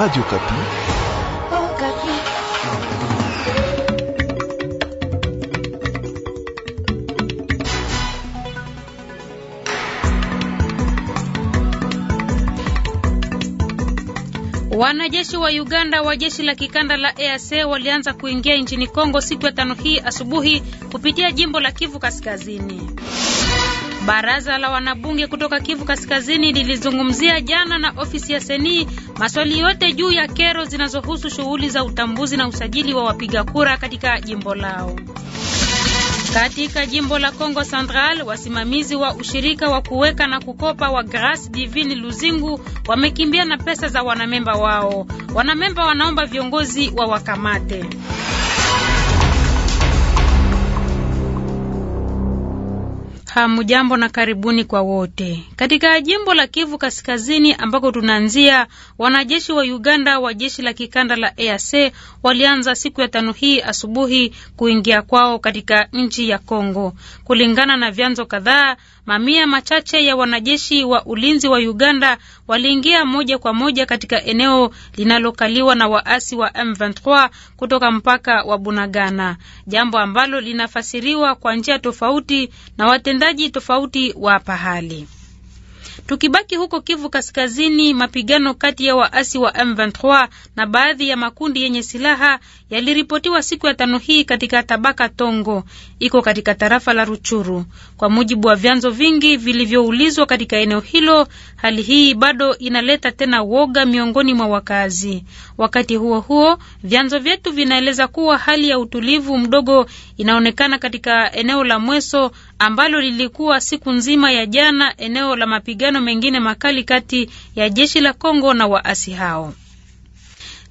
Radio Okapi. Oh, Wanajeshi wa Uganda wa jeshi la kikanda la EAC walianza kuingia nchini Kongo siku ya tano hii asubuhi kupitia jimbo la Kivu Kaskazini. Baraza la wanabunge kutoka Kivu Kaskazini lilizungumzia jana na ofisi ya seni Maswali yote juu ya kero zinazohusu shughuli za utambuzi na usajili wa wapiga kura katika jimbo lao. Katika jimbo la Kongo Central, wasimamizi wa ushirika wa kuweka na kukopa wa Grace Divine Luzingu wamekimbia na pesa za wanamemba wao. Wanamemba wanaomba viongozi wa wakamate. Hamujambo na karibuni kwa wote. Katika jimbo la Kivu Kaskazini ambako tunaanzia, wanajeshi wa Uganda wa jeshi la kikanda la EAC walianza siku ya tano hii asubuhi kuingia kwao katika nchi ya Kongo, kulingana na vyanzo kadhaa mamia machache ya wanajeshi wa ulinzi wa Uganda waliingia moja kwa moja katika eneo linalokaliwa na waasi wa M23 kutoka mpaka wa Bunagana, jambo ambalo linafasiriwa kwa njia tofauti na watendaji tofauti wa pahali. Tukibaki huko Kivu Kaskazini, mapigano kati ya waasi wa M23 na baadhi ya makundi yenye silaha yaliripotiwa siku ya tano hii katika tabaka Tongo iko katika tarafa la Ruchuru. Kwa mujibu wa vyanzo vingi vilivyoulizwa katika eneo hilo, hali hii bado inaleta tena woga miongoni mwa wakazi. Wakati huo huo, vyanzo vyetu vinaeleza kuwa hali ya utulivu mdogo inaonekana katika eneo la Mweso ambalo lilikuwa siku nzima ya jana eneo la mapigano mengine makali kati ya jeshi la Kongo na waasi hao.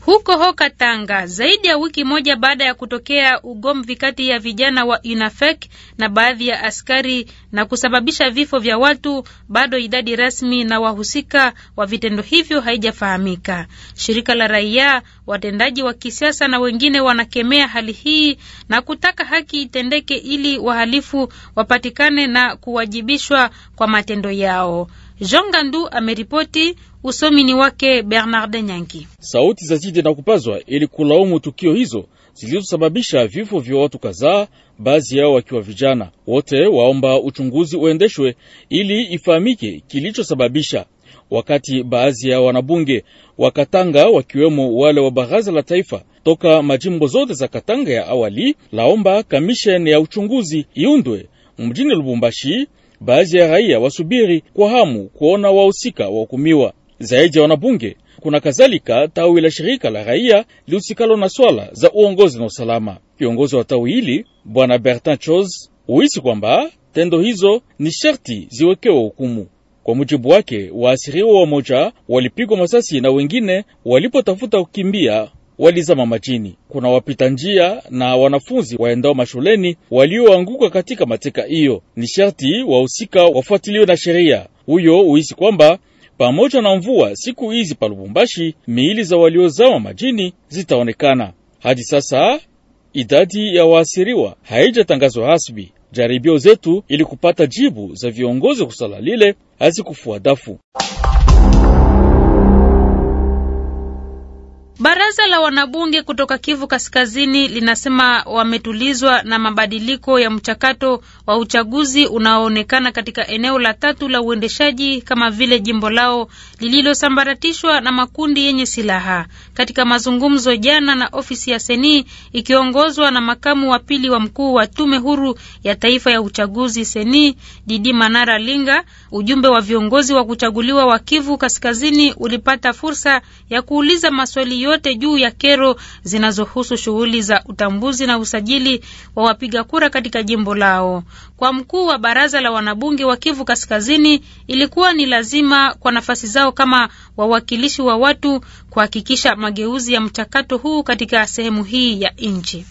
Huko Hoka Tanga, zaidi ya wiki moja baada ya kutokea ugomvi kati ya vijana wa UNAFEC na baadhi ya askari na kusababisha vifo vya watu, bado idadi rasmi na wahusika wa vitendo hivyo haijafahamika. Shirika la raia, watendaji wa kisiasa na wengine wanakemea hali hii na kutaka haki itendeke ili wahalifu wapatikane na kuwajibishwa kwa matendo yao. Jean Gandu ameripoti. Usomi ni wake Bernard Nyangi. Sauti za zide na kupazwa ili kulaumu tukio hizo zilizosababisha vifo vya watu kadhaa, baadhi yao wakiwa vijana. Wote waomba uchunguzi uendeshwe ili ifahamike kilichosababisha. Wakati baadhi ya wanabunge wa Katanga wakiwemo wale wa baraza la taifa toka majimbo zote za Katanga ya awali laomba kamisheni ya uchunguzi iundwe mjini Lubumbashi baadhi ya raia wasubiri kwa hamu kuona wahusika wahukumiwa zaidi ya wanabunge. Kuna kadhalika tawi la shirika la raia lihusikalo na swala za uongozi na usalama. Kiongozi wa tawi hili Bwana Bertin Chos huisi kwamba tendo hizo ni sharti ziwekewe hukumu. Kwa mujibu wake, waasiriwa wamoja walipigwa masasi na wengine walipotafuta kukimbia walizama majini. Kuna wapita njia na wanafunzi waendao mashuleni walioanguka katika mateka hiyo. Ni sharti wahusika wafuatiliwe na sheria. Huyo huisi kwamba pamoja na mvua siku hizi pa Lubumbashi, miili za waliozama majini zitaonekana. Hadi sasa idadi ya waasiriwa haijatangazwa rasmi. Jaribio zetu ili kupata jibu za viongozi kusala lile hazikufuadafu. Baraza la wanabunge kutoka Kivu Kaskazini linasema wametulizwa na mabadiliko ya mchakato wa uchaguzi unaoonekana katika eneo la tatu la uendeshaji kama vile jimbo lao lililosambaratishwa na makundi yenye silaha. Katika mazungumzo jana na ofisi ya Seni ikiongozwa na makamu wa pili wa mkuu wa tume huru ya taifa ya uchaguzi Seni, Didi Manara Linga, ujumbe wa viongozi wa kuchaguliwa wa Kivu Kaskazini ulipata fursa ya kuuliza maswali yote juu juu ya kero zinazohusu shughuli za utambuzi na usajili wa wapiga kura katika jimbo lao. Kwa mkuu wa baraza la wanabunge wa Kivu Kaskazini, ilikuwa ni lazima kwa nafasi zao kama wawakilishi wa watu kuhakikisha mageuzi ya mchakato huu katika sehemu hii ya nchi.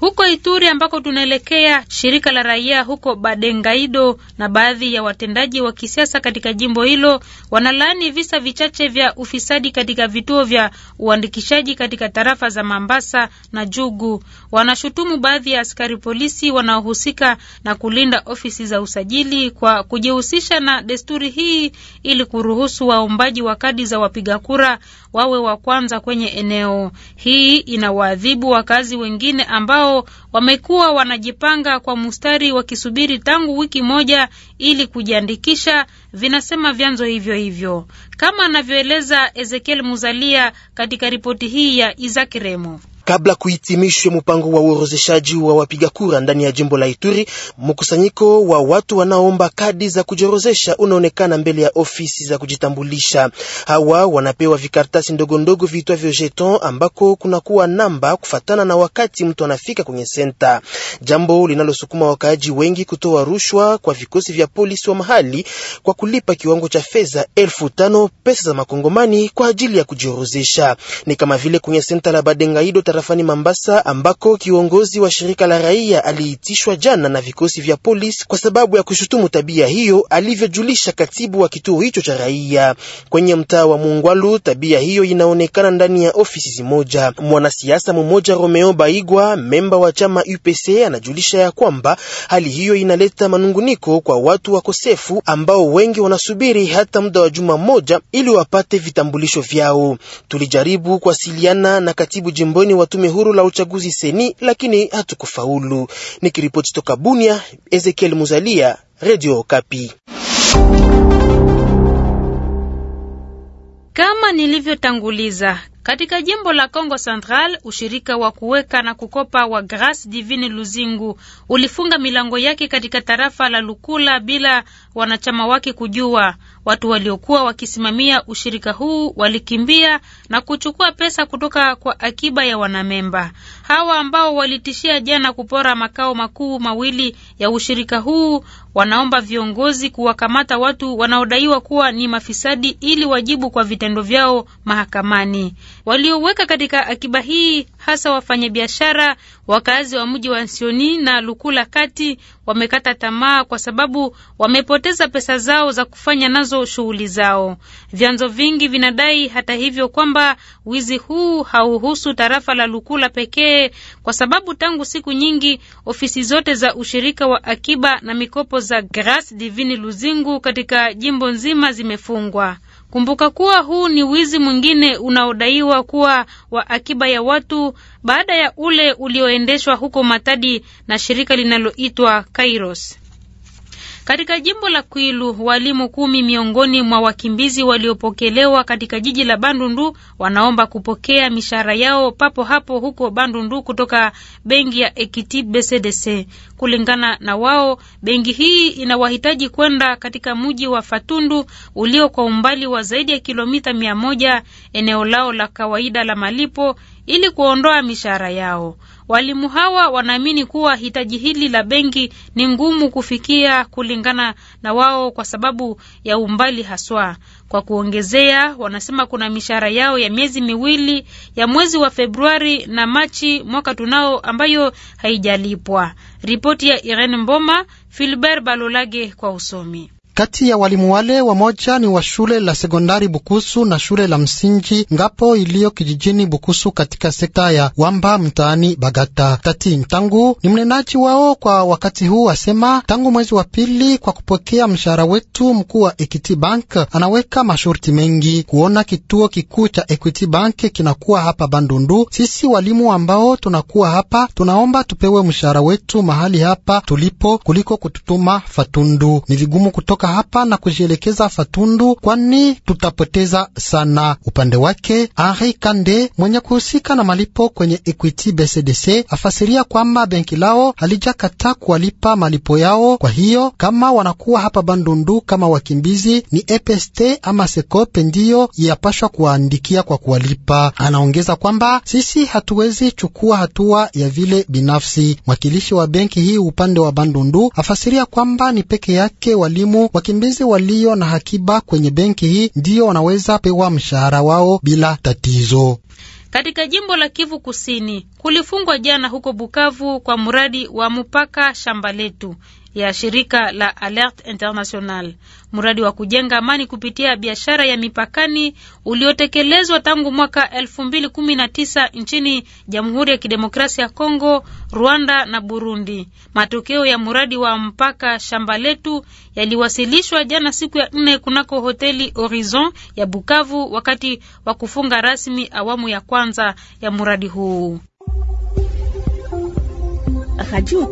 Huko Ituri ambako tunaelekea, shirika la raia huko Badengaido na baadhi ya watendaji wa kisiasa katika jimbo hilo wanalaani visa vichache vya ufisadi katika vituo vya uandikishaji katika tarafa za Mambasa na Jugu. Wanashutumu baadhi ya askari polisi wanaohusika na kulinda ofisi za usajili kwa kujihusisha na desturi hii ili kuruhusu waombaji wa kadi za wapiga kura wawe wa kwanza kwenye eneo. Hii inawaadhibu wakazi wengine ambao wamekuwa wanajipanga kwa mustari wakisubiri tangu wiki moja ili kujiandikisha, vinasema vyanzo hivyo hivyo, kama anavyoeleza Ezekiel Muzalia katika ripoti hii ya Isaac Remo. Kabla kuhitimishwe mpango wa uorozeshaji wa wapiga kura ndani ya jimbo la Ituri, mkusanyiko wa watu wanaomba kadi za kujiorozesha unaonekana mbele ya ofisi za kujitambulisha. Hawa wanapewa vikaratasi ndogo ndogo viitwavyo jeton, ambako kunakuwa namba kufatana na wakati mtu anafika kwenye senta, jambo linalosukuma wakaaji wengi kutoa rushwa kwa vikosi vya polisi wa mahali kwa kulipa kiwango cha fedha elfu tano pesa za makongomani kwa ajili ya kujiorozesha. Ni kama vile kwenye senta la Badengaido tarafani Mambasa ambako kiongozi wa shirika la raia aliitishwa jana na vikosi vya polisi kwa sababu ya kushutumu tabia hiyo, alivyojulisha katibu wa kituo hicho cha raia. Kwenye mtaa wa Mungwalu, tabia hiyo inaonekana ndani ya ofisi zimoja. Mwanasiasa mmoja Romeo Baigwa, memba wa chama UPC, anajulisha ya kwamba hali hiyo inaleta manunguniko kwa watu wakosefu ambao wengi wanasubiri hata muda wa juma moja ili wapate vitambulisho vyao. Tulijaribu kuwasiliana na katibu jimboni wa tume huru la uchaguzi seni, lakini hatukufaulu. Nikiripoti toka Bunia, Ezekiel Muzalia, Radio Okapi. Kama nilivyotanguliza katika jimbo la Congo Central, ushirika wa kuweka na kukopa wa Grace Divine Luzingu ulifunga milango yake katika tarafa la Lukula bila wanachama wake kujua. Watu waliokuwa wakisimamia ushirika huu walikimbia na kuchukua pesa kutoka kwa akiba ya wanamemba hawa ambao walitishia jana kupora makao makuu mawili ya ushirika huu. Wanaomba viongozi kuwakamata watu wanaodaiwa kuwa ni mafisadi ili wajibu kwa vitendo vyao mahakamani walioweka katika akiba hii, hasa wafanyabiashara, wakazi wa mji wa nsioni na Lukula kati, wamekata tamaa kwa sababu wamepoteza pesa zao za kufanya nazo shughuli zao. Vyanzo vingi vinadai hata hivyo kwamba wizi huu hauhusu tarafa la Lukula pekee, kwa sababu tangu siku nyingi ofisi zote za ushirika wa akiba na mikopo za Grace Divini Luzingu katika jimbo nzima zimefungwa. Kumbuka kuwa huu ni wizi mwingine unaodaiwa kuwa wa akiba ya watu baada ya ule ulioendeshwa huko Matadi na shirika linaloitwa Kairos. Katika jimbo la Kwilu, walimu kumi miongoni mwa wakimbizi waliopokelewa katika jiji la Bandundu wanaomba kupokea mishahara yao papo hapo huko Bandundu kutoka benki ya Equity BCDC. Kulingana na wao, benki hii inawahitaji kwenda katika mji wa Fatundu ulio kwa umbali wa zaidi ya kilomita mia moja, eneo lao la kawaida la malipo ili kuondoa mishahara yao. Walimu hawa wanaamini kuwa hitaji hili la benki ni ngumu kufikia kulingana na wao kwa sababu ya umbali haswa. Kwa kuongezea, wanasema kuna mishahara yao ya miezi miwili ya mwezi wa Februari na Machi mwaka tunao ambayo haijalipwa. Ripoti ya Irene Mboma, Filbert Balolage kwa usomi. Kati ya walimu wale wamoja ni wa shule la sekondari Bukusu na shule la msingi Ngapo iliyo kijijini Bukusu katika sekta ya Wamba mtaani Bagata. Tati Ntangu ni mnenaji wao kwa wakati huu, asema tangu mwezi wa pili kwa kupokea mshahara wetu, mkuu wa Equity Bank anaweka masharti mengi kuona kituo kikuu cha Equity Bank kinakuwa hapa Bandundu. Sisi walimu ambao tunakuwa hapa tunaomba tupewe mshahara wetu mahali hapa tulipo kuliko kututuma Fatundu. Ni vigumu kutoka kutoka hapa na kujielekeza Fatundu, kwani tutapoteza sana. Upande wake Henri Kande mwenye kuhusika na malipo kwenye Equity BCDC afasiria kwamba benki lao halijakataa kuwalipa malipo yao, kwa hiyo kama wanakuwa hapa Bandundu kama wakimbizi ni EPST ama Sekope ndiyo yapashwa kuwaandikia kwa kuwalipa. Anaongeza kwamba sisi hatuwezi chukua hatua ya vile binafsi. Mwakilishi wa benki hii upande wa Bandundu afasiria kwamba ni peke yake walimu Wakimbizi walio na hakiba kwenye benki hii ndiyo wanaweza pewa mshahara wao bila tatizo. Katika jimbo la Kivu Kusini kulifungwa jana huko Bukavu kwa mradi wa Mupaka Shamba Letu ya shirika la Alert International, mradi wa kujenga amani kupitia biashara ya mipakani uliotekelezwa tangu mwaka 2019 nchini Jamhuri ya Kidemokrasia ya Kongo, Rwanda na Burundi. Matokeo ya mradi wa mpaka shamba letu yaliwasilishwa jana siku ya nne kunako hoteli Horizon ya Bukavu wakati wa kufunga rasmi awamu ya kwanza ya mradi huu. Radio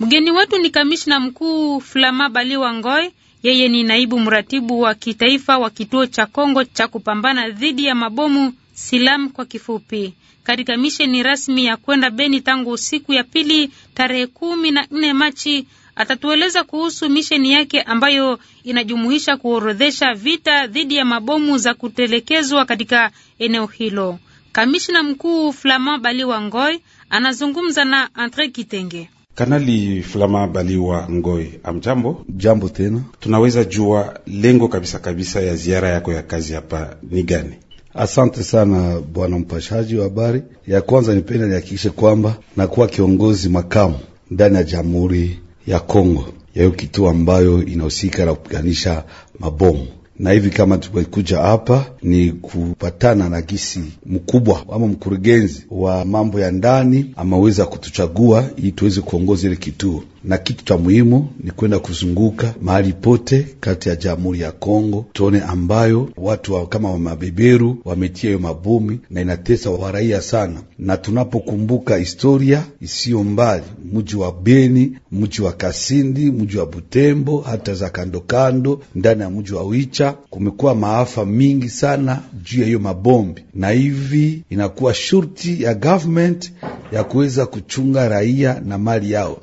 Mgeni wetu ni kamishna mkuu Flama Bali Ngoy. Yeye ni naibu mratibu wa kitaifa wa kituo cha Kongo cha kupambana dhidi ya mabomu Silam kwa kifupi. Katika misheni rasmi ya kwenda Beni tangu siku ya pili tarehe kumi na nne Machi, atatueleza kuhusu misheni yake ambayo inajumuisha kuorodhesha vita dhidi ya mabomu za kutelekezwa katika eneo hilo. Kamishna mkuu Flama Bali Ngoy anazungumza na Andre Kitenge. Kanali Flama Baliwa Ngoi, amjambo. Jambo tena. Tunaweza jua lengo kabisa kabisa ya ziara yako ya kazi hapa ni gani? Asante sana bwana mpashaji wa habari. Ya kwanza, nipenda nihakikishe kwamba nakuwa kiongozi makamu ndani ya Jamhuri ya Kongo yayo kituo ambayo inahusika na kupiganisha mabomu na hivi kama tumekuja hapa ni kupatana na gisi mkubwa ama mkurugenzi wa mambo ya ndani ameweza kutuchagua ili tuweze kuongoza ile kituo na kitu cha muhimu ni kwenda kuzunguka mahali pote kati ya Jamhuri ya Kongo, tuone ambayo watu wa, kama wamabeberu wametia hiyo mabomi na inatesa waraia sana. Na tunapokumbuka historia isiyo mbali, mji wa Beni, mji wa Kasindi, mji wa Butembo, hata za kandokando ndani ya mji wa Wicha, kumekuwa maafa mingi sana juu ya hiyo mabombi, na hivi inakuwa shurti ya government ya kuweza kuchunga raia na mali yao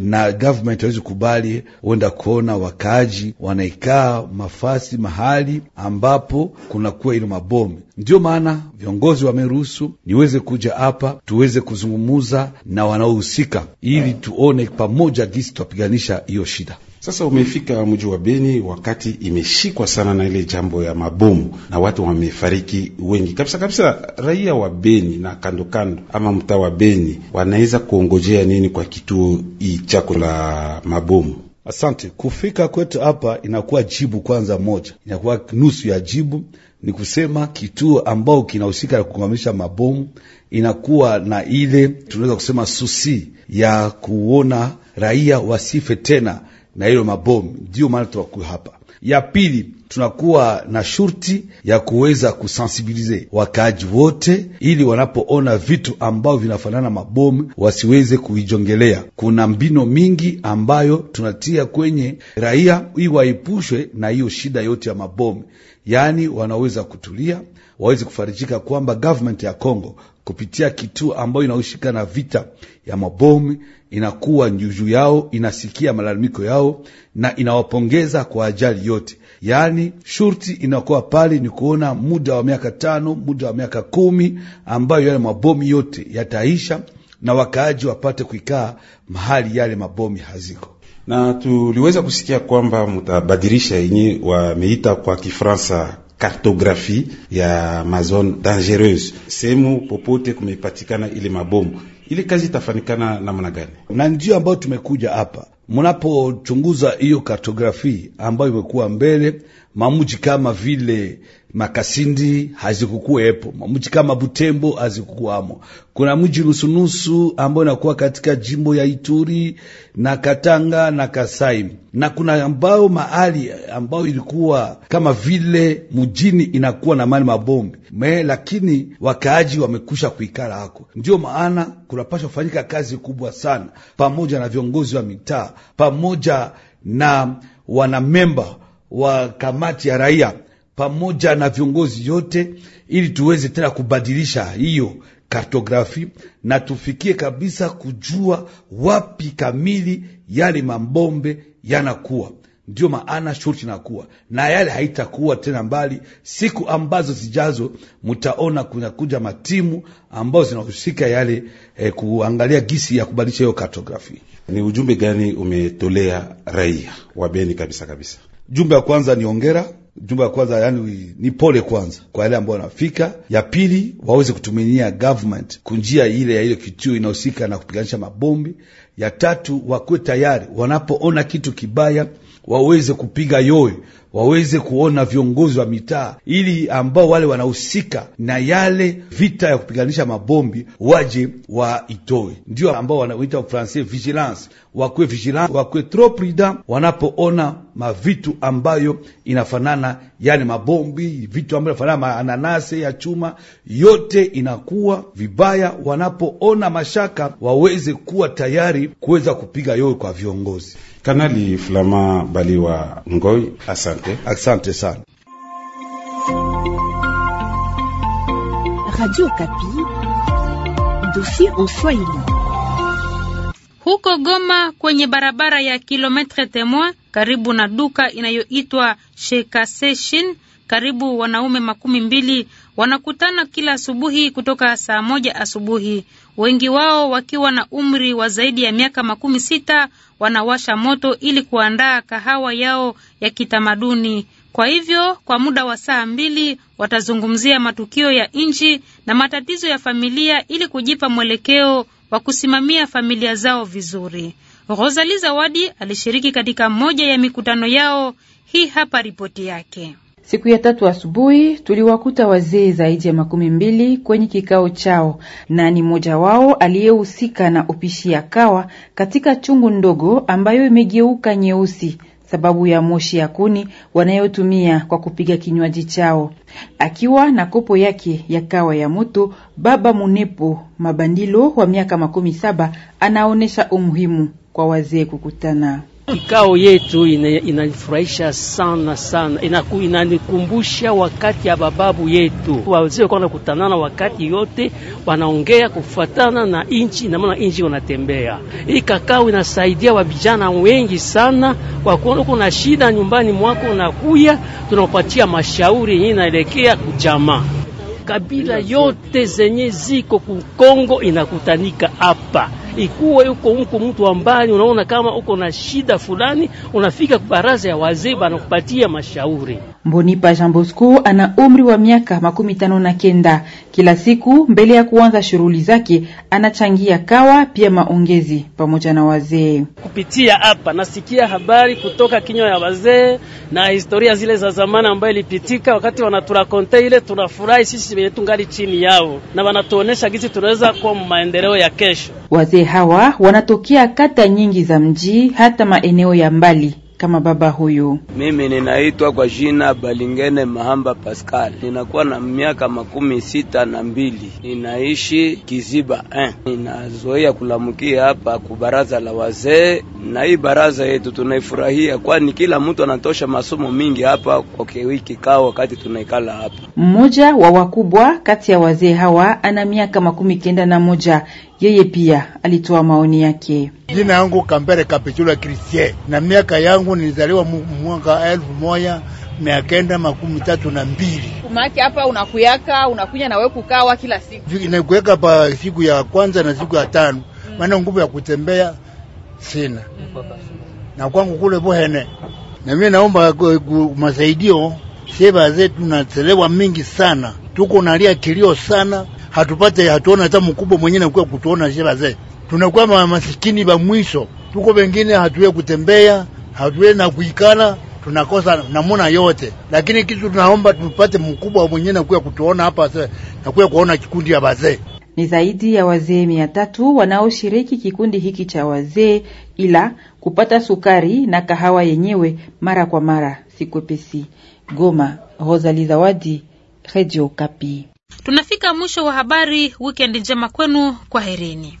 na government hawezi kubali huenda kuona wakaaji wanaikaa mafasi mahali ambapo kunakuwa ile mabomu. Ndiyo maana viongozi wameruhusu niweze kuja hapa tuweze kuzungumuza na wanaohusika, ili tuone pamoja gisi twapiganisha hiyo shida. Sasa umefika mji wa Beni, wakati imeshikwa sana na ile jambo ya mabomu na watu wamefariki wengi kabisa kabisa. Raia wa Beni na kandokando ama mtaa wa Beni wanaweza kuongojea nini kwa kituo hii chako la mabomu? Asante. Kufika kwetu hapa inakuwa jibu kwanza, moja inakuwa nusu ya jibu, ni kusema kituo ambao kinahusika na kusimamisha mabomu inakuwa na ile tunaweza kusema susi ya kuona raia wasife tena na hilo mabomu, ndio maana tunakuwa hapa. Ya pili tunakuwa na shurti ya kuweza kusensibilize wakaaji wote, ili wanapoona vitu ambavyo vinafanana mabomu wasiweze kuijongelea. Kuna mbino mingi ambayo tunatia kwenye raia ili waepushwe na hiyo shida yote ya mabomu yaani wanaweza kutulia, waweze kufarijika kwamba government ya Congo kupitia kituo ambayo inahusika na vita ya mabomu inakuwa njuju yao, inasikia malalamiko yao na inawapongeza kwa ajali yote. Yaani shurti inakuwa pale ni kuona muda wa miaka tano, muda wa miaka kumi ambayo yale mabomu yote yataisha na wakaaji wapate kuikaa mahali yale mabomu haziko na tuliweza kusikia kwamba mutabadilisha yenye wameita kwa Kifaransa kartografi ya mazone dangereuse, sehemu popote kumepatikana ile mabomu. Ile kazi itafanikana namna gani? Na ndio ambayo tumekuja hapa, mnapochunguza hiyo kartografi ambayo imekuwa mbele mamuji kama vile Makasindi hazikukuwepo, mji kama Butembo hazikukuwamo. Kuna mji nusunusu ambao inakuwa katika jimbo ya Ituri na Katanga na Kasai, na kuna ambao mahali ambao ilikuwa kama vile mjini inakuwa na mali mabombi me, lakini wakaaji wamekusha kuikala hako. Ndio maana kunapasha kufanyika kazi kubwa sana pamoja na viongozi wa mitaa pamoja na wanamemba wa kamati ya raia pamoja na viongozi yote, ili tuweze tena kubadilisha hiyo kartografi na tufikie kabisa kujua wapi kamili yale mabombe yanakuwa. ndio maana shurti nakuwa na yale haitakuwa tena mbali. Siku ambazo zijazo, mtaona kunakuja matimu ambayo zinahusika yale eh, kuangalia gisi ya kubadilisha hiyo kartografi. Ni ujumbe gani umetolea raia wa Beni kabisa kabisa? Jumbe ya kwanza ni ongera jumba ya kwanza, yani ni pole kwanza kwa yale ambao wanafika. Ya pili waweze kutumainia government kunjia ile ya ile kituo inahusika na kupiganisha mabombi. Ya tatu wakuwe tayari wanapoona kitu kibaya waweze kupiga yowe, waweze kuona viongozi wa mitaa, ili ambao wale wanahusika na yale vita ya kupiganisha mabombi waje waitoe. Ndio ambao wanaita Francais vigilance, wakuwe vigilance, wakuwe trop prudent wanapoona mavitu ambayo inafanana, yani mabombi, vitu ambayo inafanana maananasi ya chuma, yote inakuwa vibaya. Wanapoona mashaka, waweze kuwa tayari kuweza kupiga yowe kwa viongozi. Kanali Flama Baliwa Ngoi, asante, asante sana. Radio Kapi, dosi en Swahili. Huko Goma kwenye barabara ya kilometre temoin karibu na duka inayoitwa Shekaseshin. Karibu wanaume makumi mbili wanakutana kila asubuhi kutoka saa moja asubuhi, wengi wao wakiwa na umri wa zaidi ya miaka makumi sita. Wanawasha moto ili kuandaa kahawa yao ya kitamaduni. Kwa hivyo kwa muda wa saa mbili watazungumzia matukio ya nchi na matatizo ya familia ili kujipa mwelekeo wa kusimamia familia zao vizuri rosali Zawadi alishiriki katika moja ya mikutano yao. Hii hapa ripoti yake. Siku ya tatu asubuhi tuliwakuta wazee zaidi ya makumi mbili kwenye kikao chao, na ni mmoja wao aliyehusika na upishi ya kawa katika chungu ndogo ambayo imegeuka nyeusi sababu ya moshi ya kuni wanayotumia kwa kupiga kinywaji chao. Akiwa na kopo yake ya kawa ya moto, Baba Munepo Mabandilo wa miaka makumi saba anaonyesha umuhimu kwa wazee kukutana. Kikao yetu inanifurahisha ina sana sana, inanikumbusha ina wakati ya bababu yetu. Wazee walikuwa wanakutanana wakati yote, wanaongea kufuatana na inchi, na maana inchi wanatembea. Hii kakao inasaidia wavijana wengi sana, wakuona uko na shida nyumbani mwako, unakuya tunapatia mashauri yenyewe inaelekea kujamaa kabila yote zenye ziko kukongo inakutanika hapa Ikuwe yuko huko mtu wa mbali, unaona kama uko na shida fulani, unafika baraza ya wazee banakupatia mashauri. Mbonipa Jean Bosco ana umri wa miaka makumi tano na kenda. Kila siku mbele ya kuanza shughuli zake anachangia kawa pia maongezi pamoja na wazee. Kupitia hapa nasikia habari kutoka kinywa ya wazee na historia zile za zamani ambayo ilipitika, wakati wanaturakonte ile, tunafurahi sisi wenye tungali chini yao, na wanatuonesha gisi tunaweza kuwa maendeleo ya kesho. Wazee hawa wanatokea kata nyingi za mji hata maeneo ya mbali kama baba huyu. Mimi ninaitwa kwa jina Balingene Mahamba Pascal, ninakuwa na miaka makumi sita na mbili, ninaishi Kiziba eh. Ninazoea kulamukia hapa ku baraza la wazee, na hii baraza yetu tunaifurahia, kwani kila mtu anatosha masomo mingi hapa kwa wiki kao wakati tunaikala hapa. Mmoja wa wakubwa kati ya wazee hawa ana miaka makumi kenda na moja yeye pia alitoa maoni yake. Jina yangu Kambere Kapitula Christian na miaka yangu yangu nilizaliwa mwaka elfu moja mia kenda makumi tatu na mbili. Umaki hapa unakuyaka unakunya na nawe kukawa kila siku inakuweka pa siku ya kwanza na siku ya tano, mm. maana mm. nguvu ya kutembea sina mm. na kwangu kule Buhene, na mimi naomba masaidio seva zetu, nachelewa mingi sana, tuko nalia kilio sana, hatupate hatuona hata mkubwa mwenyewe nakuwa kutuona seva zetu, tunakuwa masikini ba mwisho, tuko wengine hatuwe kutembea hatuwezi na kuikana tunakosa namuna yote, lakini kitu tunaomba tupate mkubwa mwenyewe nakuya kutuona hapa nakuya kuona kikundi ya wazee. Ni zaidi ya wazee mia tatu wanaoshiriki kikundi hiki cha wazee, ila kupata sukari na kahawa yenyewe mara kwa mara sikwepesi. Goma, Rosali Zawadi, Redio Kapi. Tunafika mwisho wa habari. Wikendi njema kwenu, kwa herini.